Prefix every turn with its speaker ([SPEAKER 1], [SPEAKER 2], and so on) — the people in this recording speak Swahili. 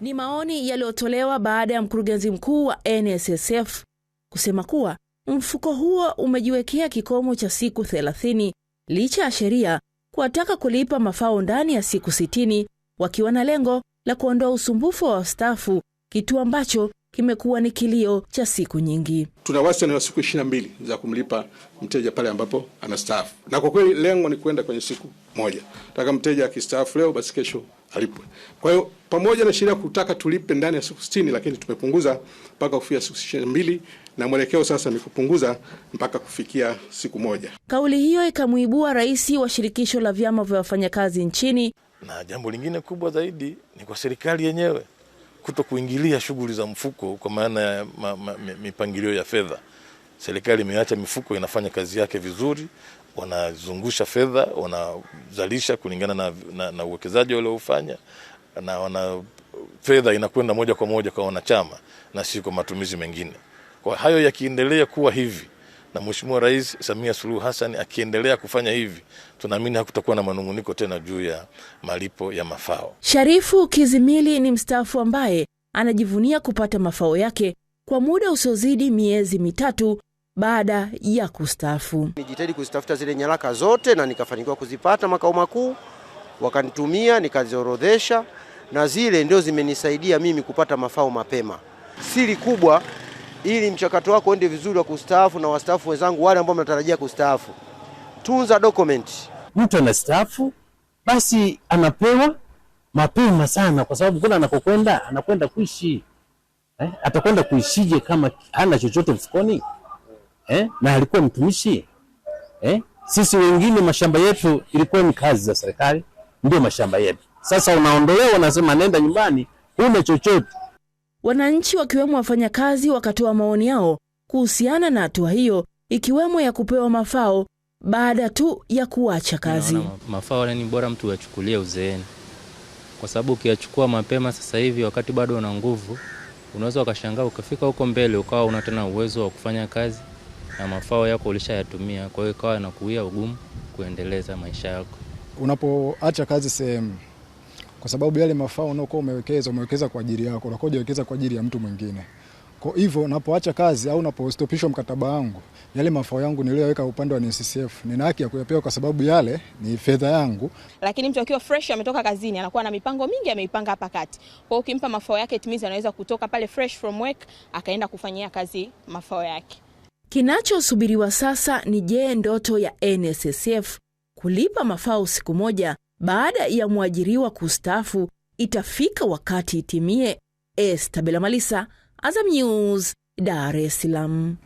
[SPEAKER 1] Ni maoni yaliyotolewa baada ya mkurugenzi mkuu wa NSSF kusema kuwa mfuko huo umejiwekea kikomo cha siku 30 licha ya sheria kuwataka kulipa mafao ndani ya siku 60 wakiwa na lengo la kuondoa usumbufu wa wastaafu, kitu ambacho kimekuwa ni kilio cha siku nyingi.
[SPEAKER 2] Tuna wastani wa siku 22 za kumlipa mteja pale ambapo anastaafu, na kwa kweli lengo ni kwenda kwenye siku moja. Taka mteja akistaafu leo, basi kesho alipwe. Kwa hiyo pamoja na sheria kutaka tulipe ndani ya siku 60 lakini tumepunguza mpaka kufikia siku 22 na mwelekeo sasa ni kupunguza mpaka kufikia siku moja.
[SPEAKER 1] Kauli hiyo ikamuibua rais wa shirikisho la vyama vya wafanyakazi nchini.
[SPEAKER 3] Na jambo lingine kubwa zaidi ni kwa serikali yenyewe kuto kuingilia shughuli za mfuko kwa maana ya ma, ma, mipangilio ya fedha. Serikali imeacha mifuko inafanya kazi yake vizuri, wanazungusha fedha, wanazalisha kulingana na, na, na uwekezaji walioufanya na wana fedha inakwenda moja kwa moja kwa wanachama na si kwa matumizi mengine. Kwa hayo yakiendelea kuwa hivi na Mheshimiwa Rais Samia Suluhu Hassan akiendelea kufanya hivi, tunaamini hakutakuwa na manunguniko tena juu ya malipo ya mafao.
[SPEAKER 1] Sharifu Kizimili ni mstaafu ambaye anajivunia kupata mafao yake kwa muda usiozidi miezi mitatu baada ya kustaafu.
[SPEAKER 4] Nijitahidi kuzitafuta zile nyaraka zote na nikafanikiwa kuzipata makao makuu, wakanitumia nikaziorodhesha, na zile ndio zimenisaidia mimi kupata mafao mapema. Siri kubwa ili mchakato wako uende vizuri wa kustaafu, na wastaafu wenzangu wale ambao mnatarajia kustaafu, tunza document.
[SPEAKER 5] Mtu anastaafu basi anapewa mapema sana, kwa sababu kuna anakokwenda anakwenda kuishi eh, atakwenda kuishije kama hana chochote mfukoni? eh? na alikuwa mtumishi eh? Sisi wengine mashamba yetu ilikuwa ni kazi za serikali, ndio mashamba yetu. Sasa unaondolewa, unasema nenda nyumbani, huna chochote.
[SPEAKER 1] Wananchi wakiwemo wafanyakazi wakatoa maoni yao kuhusiana na hatua hiyo, ikiwemo ya kupewa mafao baada tu ya kuacha kazi.
[SPEAKER 6] mafao ni yaani bora mtu uyachukulie uzeeni, kwa sababu ukiyachukua mapema sasa hivi wakati bado una nguvu, unaweza ukashangaa ukafika huko mbele ukawa una tena uwezo wa kufanya kazi na mafao yako ulishayatumia, kwa hiyo ikawa inakuia ugumu kuendeleza maisha yako
[SPEAKER 7] unapoacha kazi sehemu, kwa sababu yale mafao unaokuwa umewekeza umewekeza kwa ajili yako, unakuwa hujawekeza kwa ajili ya mtu mwingine. Kwa hivyo napoacha kazi au napostopishwa mkataba wangu, yale mafao yangu niliyoweka upande wa NSSF nina haki ya kuyapewa kwa sababu yale ni fedha yangu.
[SPEAKER 8] Lakini mtu akiwa fresh ametoka kazini, anakuwa na mipango mingi ameipanga hapa kati. Kwa hiyo ukimpa mafao yake, timiza, anaweza kutoka pale fresh from work akaenda kufanyia kazi mafao yake.
[SPEAKER 1] Kinachosubiriwa sasa ni je, ndoto ya NSSF kulipa mafao siku moja baada ya mwajiriwa kustaafu itafika wakati itimie? Estabela Malisa, Azam News, Dar es Salaam.